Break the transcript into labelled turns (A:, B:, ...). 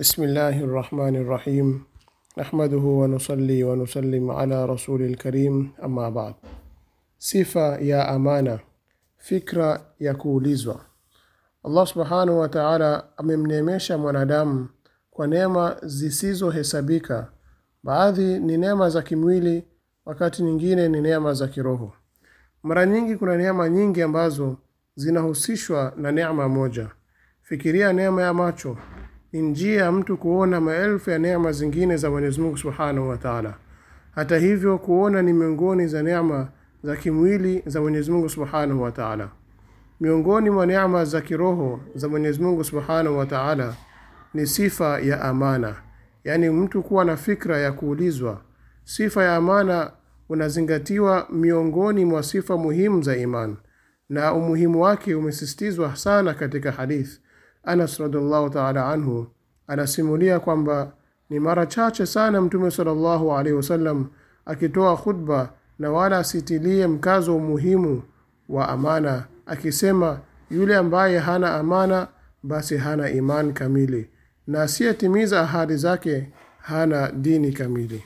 A: بسم الله الرحمن الرحيم نحمده ونصلي ونسلم على رسول الكريم أما sifa ya amana fikra ya kuulizwa allah subhanahu wa taala amemneemesha mwanadamu kwa neema zisizohesabika baadhi ni neema za kimwili wakati nyingine ni neema za kiroho mara nyingi kuna neema nyingi ambazo zinahusishwa na neema moja fikiria neema ya macho ni njia ya mtu kuona maelfu ya neema zingine za Mwenyezi Mungu Subhanahu wa Ta'ala. Hata hivyo, kuona ni miongoni za neema za kimwili za Mwenyezi Mungu Subhanahu wa Ta'ala. Miongoni mwa neema za kiroho za Mwenyezi Mungu Subhanahu wa Ta'ala ni sifa ya amana, yaani mtu kuwa na fikra ya kuulizwa. Sifa ya amana unazingatiwa miongoni mwa sifa muhimu za imani na umuhimu wake umesisitizwa sana katika hadith Anas radhiallahu taala anhu anasimulia kwamba ni mara chache sana Mtume sallallahu alaihi wasallam akitoa khutba na wala asitilie mkazo umuhimu wa amana, akisema yule ambaye hana amana basi hana iman kamili, na asiyetimiza ahadi zake hana dini kamili.